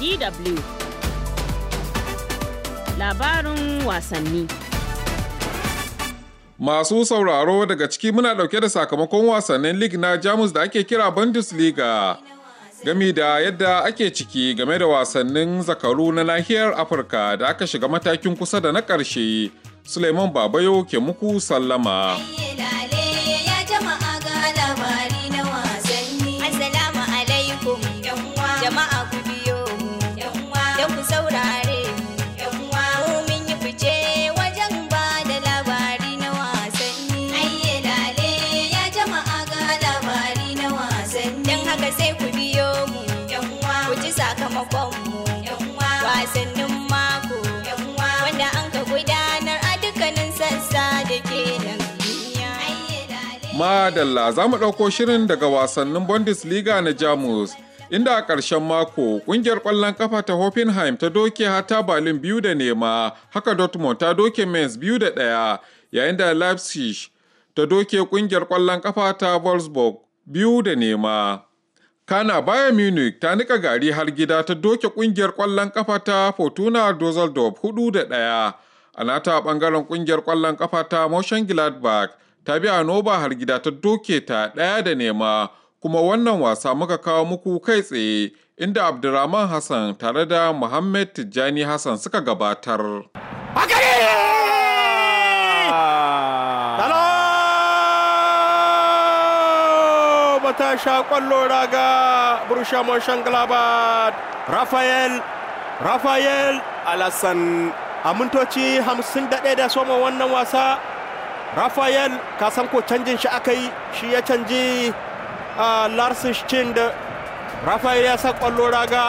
DW Labarin wasanni Masu sauraro daga ciki muna ɗauke da sakamakon wasannin lig na Jamus da ake kira Bundesliga. Gami da yadda ake ciki game da wasannin zakaru na nahiyar Afirka da aka shiga matakin kusa da na ƙarshe, Suleiman Babayo ke muku sallama. wasannin mako wanda an ka gudanar a dukkanin sassa da ke nan Madalla za mu ɗauko shirin daga wasannin Bundesliga na Jamus inda a ƙarshen mako ƙungiyar ƙwallon ƙafa ta Hoffenheim ta doke hata Berlin biyu da nema haka Dortmund ta doke Mainz biyu da ɗaya yayin da Leipzig ta doke ƙungiyar ƙwallon ƙafa ta Wolfsburg biyu da nema. Kana bayan Munich ta nika gari har gida ta doke kungiyar kwallon kafa ta Fortuna dozeldorf 4 da ɗaya. A nata ɓangaren kungiyar kwallon kafa ta gladbach ta bi Anoba har gida ta doke ta ɗaya da nema. Kuma wannan wasa muka kawo muku kai tsaye inda Abdurrahman Hassan tare da muhammed Tijjani Hassan suka gabatar. Okay! ta sha ƙwallo raga Borussia Mönchengladbach Rafael Rafael Alassan a mintoci 51 da soma wannan wasa Rafael ka san ko canjin shi aka yi shi ya canji a Lars Schind Rafael ya sa ƙwallo raga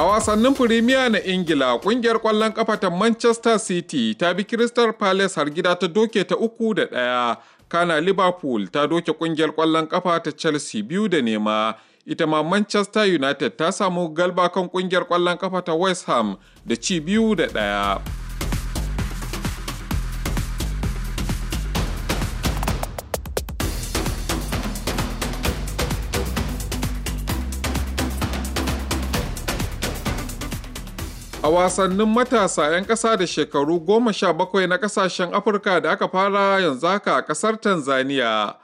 A wasannin Firimiya na Ingila, kungiyar ƙwallon ƙafa ta Manchester City ta bi Crystal Palace har gida ta doke ta uku da ɗaya. Kana Liverpool ta doke kungiyar kwallon ƙafa ta Chelsea biyu da nema. Ita ma Manchester United ta samu galba kan kungiyar kwallon ƙafa ta West Ham da ci biyu da ɗaya. A wasannin matasa 'yan ƙasa da shekaru goma sha bakwai na ƙasashen Afirka da aka fara yanzu haka a ƙasar Tanzania.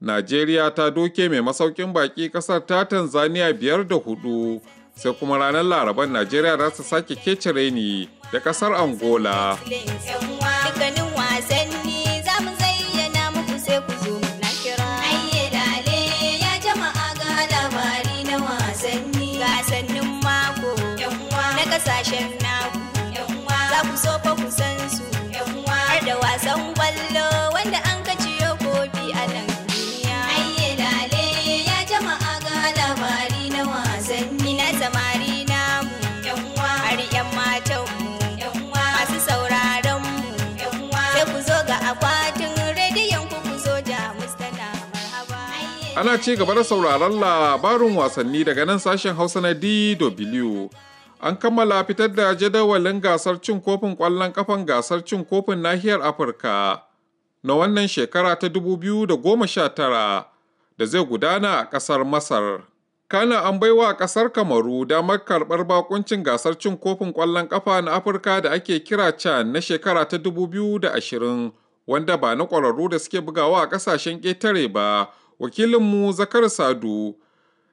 Najeriya ta doke mai masaukin baƙi ƙasar ta Tanzania biyar da hudu, sai kuma ranar Laraban Najeriya za ta sake kece reni da ƙasar Angola. Ana ci gaba da sauraron labarin wasanni daga nan sashen Hausa na DW. An kammala fitar da jadawalin gasar cin kofin ƙwallon kafan gasar cin kofin nahiyar Afirka na wannan shekara ta 2019 da zai gudana a ƙasar Masar. Kana an bai baiwa ƙasar Kamaru damar karɓar bakuncin gasar cin kofin ƙwallon ƙafa na Afirka da ake kira CHAN na shekara ta 2020 wanda ba na ƙwararru da suke bugawa a ƙasashen ƙetare ba. wakilinmu zakar sadu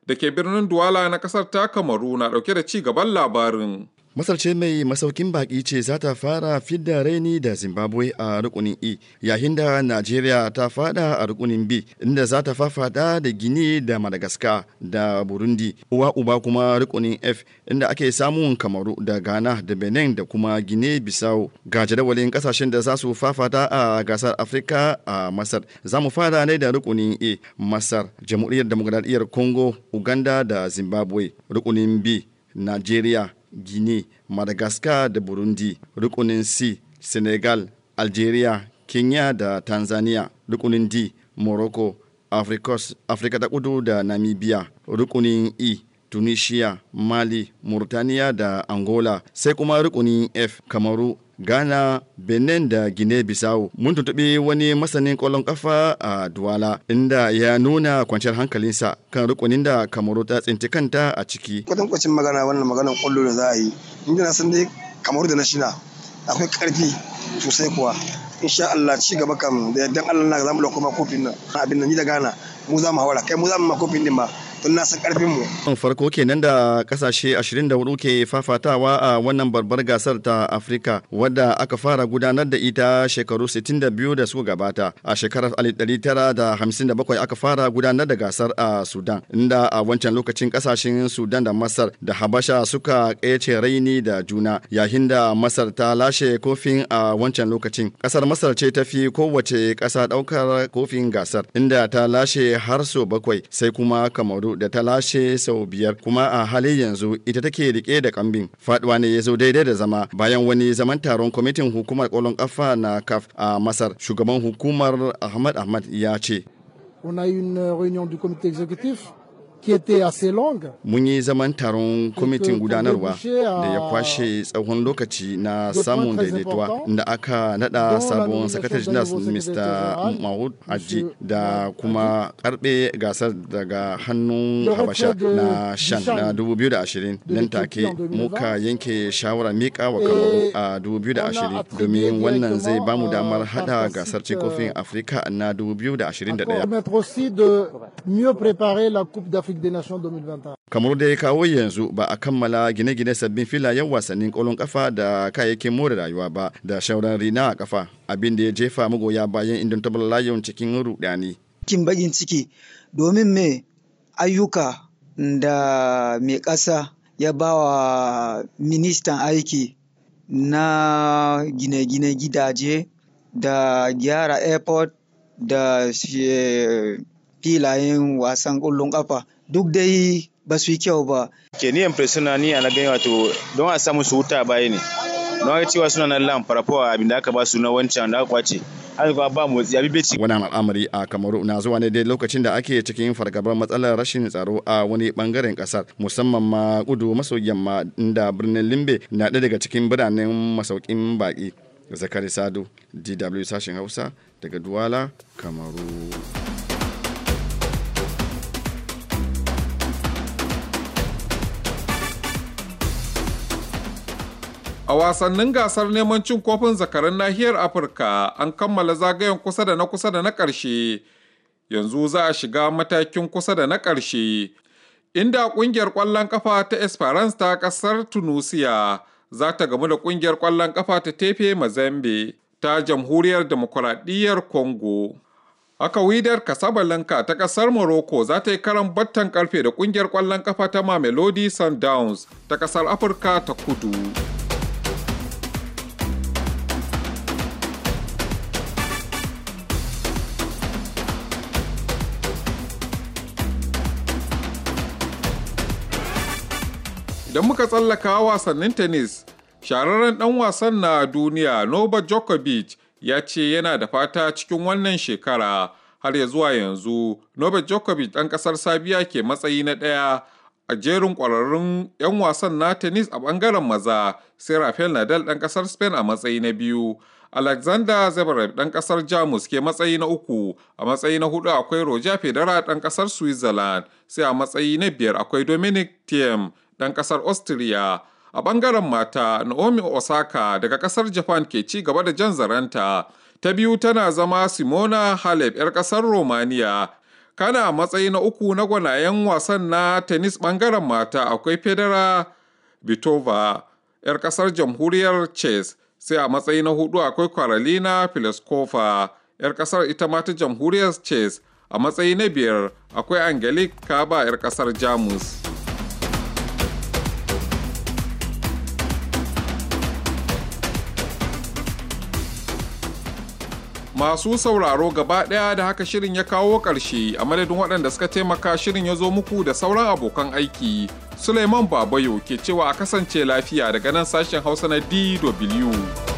da ke birnin duwala na kasar ta kamaru na dauke da ci gaban labarin Masar ce mai masaukin baki ce za ta fara fidda raini da Zimbabwe a rukunin E, yayin da Najeriya ta fada a rukunin B, inda za ta fafada da Gini da Madagascar da Burundi, uwa uba kuma rukunin F, inda ake samun Kamaru da Ghana da Benin da kuma Gine Bissau. Ga jadawalin kasashen da za su fafata a gasar afrika a Masar. Za mu fara ne da rukunin E, Masar, Jamhuriyar Demokradiyyar Congo, Uganda da Zimbabwe, rukunin B, Najeriya, guinea madagascar da burundi rukunin c senegal algeria kenya da tanzania rukunin d morocco afirka ta kudu da namibia rukunin e tunisia mali murtaniya da angola sai kuma rukunin f kamaru Ghana, Benin da Guinea-Bissau. Mun tuntuɓi wani masanin ƙwallon ƙafa a Duwala inda ya nuna kwanciyar hankalinsa kan rukunin da Kamaru ta tsinci kanta a ciki. Kwatankwacin magana wannan maganar ƙwallo da za a yi. Inda na san dai Kamaru da na shina akwai ƙarfi sosai kuwa. Insha Allah ci gaba kam da yardan Allah na za mu ɗauko kofin nan. Abin nan ni da Ghana mu za mu haura kai mu za mu ma kofin din ba. tun na karfin mu farko kenan da kasashe 24 ke fafatawa a wannan babbar gasar ta Afirka wadda aka fara gudanar da ita shekaru 62 da suka gabata a shekarar 1957 aka fara gudanar da gasar a Sudan inda a wancan lokacin kasashen Sudan da Masar da Habasha suka ƙece raini da juna yayin da Masar ta lashe kofin a wancan lokacin kasar Masar ce ta fi kowace ƙasa ɗaukar kofin gasar inda ta lashe har so bakwai sai kuma Kamaru da ta lashe sau biyar kuma a halin yanzu ita take rike da kambin faduwa ne ya zo daidai da zama bayan wani zaman taron kwamitin hukumar kwallon kafa na kaf a masar shugaban hukumar ahmad ahmad ya ce On a une Mun yi zaman taron kwamitin gudanarwa da ya kwashe tsawon lokaci na samun daidaituwa da aka nada sabon sakatare janar Mr. Mahud Aji da kuma karbe gasar daga hannun Habasha na Shan na 2020 nan take muka yanke shawara mika wa Kamaru a 2020 domin wannan zai bamu damar euh, hada gasar cin euh, kofin Afirka na 2021. Afrique des Nations 2021. Kamaru da ya kawo yanzu ba a kammala gine-gine sabbin filayen wasannin kolon kafa da kayayyakin more rayuwa ba da shauran rina a kafa abin da ya jefa magoya bayan Indomitable layon cikin rudani. Kin bagin ciki domin me ayyuka da mai kasa ya ba wa ministan aiki na gine-gine gidaje da gyara airport da eh, filayen wasan ƙwallon kafa duk dai ba su yi kyau ba. Ke ni na ni a gani wato don a samu su huta baya ne. Don ga cewa suna nan lan farafawa abin da aka ba su na wancan da aka kwace. Haka ba ba motsi abi bai ci. Wannan al'amari a Kamaru na zuwa ne dai lokacin da ake cikin fargabar matsalar rashin tsaro a wani bangaren kasar musamman ma kudu maso yamma inda birnin Limbe na ɗaya daga cikin biranen masaukin baƙi. Zakari Sado, DW sashen Hausa daga Duwala, Kamaru. A wasannin gasar neman cin kofin zakaran nahiyar Afirka an kammala zagayen kusa da na kusa da na ƙarshe. Yanzu za a shiga matakin kusa da na ƙarshe. Inda ƙungiyar ƙwallon ƙafa ta Esperance ta ƙasar Tunisia za ta gamu da ƙungiyar ƙwallon ƙafa ta Tefe Mazembe ta Jamhuriyar Demokuraɗiyyar Congo. Haka widar Kasabalanka ta ƙasar Morocco za ta yi karan battan ƙarfe da ƙungiyar ƙwallon ƙafa ta Mamelodi Sundowns ta ƙasar Afirka ta Kudu. Idan muka tsallaka wasannin tennis, shahararren ɗan wasan na duniya noba Djokovic ya ce yana da fata cikin wannan shekara har ya zuwa yanzu Novak Djokovic ɗan ƙasar Sabiya ke matsayi na ɗaya a jerin ƙwararrun 'yan wasan na tennis a ɓangaren maza sai Rafael Nadal ɗan ƙasar Spain a matsayi na biyu. Alexander Zverev ɗan ƙasar Jamus ke matsayi na uku, a matsayi na hudu akwai Roger Federer ɗan ƙasar Switzerland, sai a matsayi na biyar akwai Dominic Thiem ɗan ƙasar Austria. A ɓangaren mata, Naomi Osaka daga ƙasar Japan ke ci gaba da jan zaranta. Ta biyu tana zama Simona Halep 'yar ƙasar Romania. Kana matsayi na uku na gwanayen wasan na tennis ɓangaren mata akwai Federa Bitova 'yar ƙasar jamhuriyar Chess. Sai a matsayi na hudu akwai Karolina Pliskova 'yar ƙasar ita ma ta jamhuriyar Chess. A matsayi na biyar akwai Angelique Kaba 'yar ƙasar Jamus. masu sauraro gaba ɗaya da haka shirin ya kawo ƙarshe a madadin waɗanda suka taimaka shirin ya zo muku da sauran abokan aiki suleiman babayo ke cewa a kasance lafiya daga nan sashen hausa na dw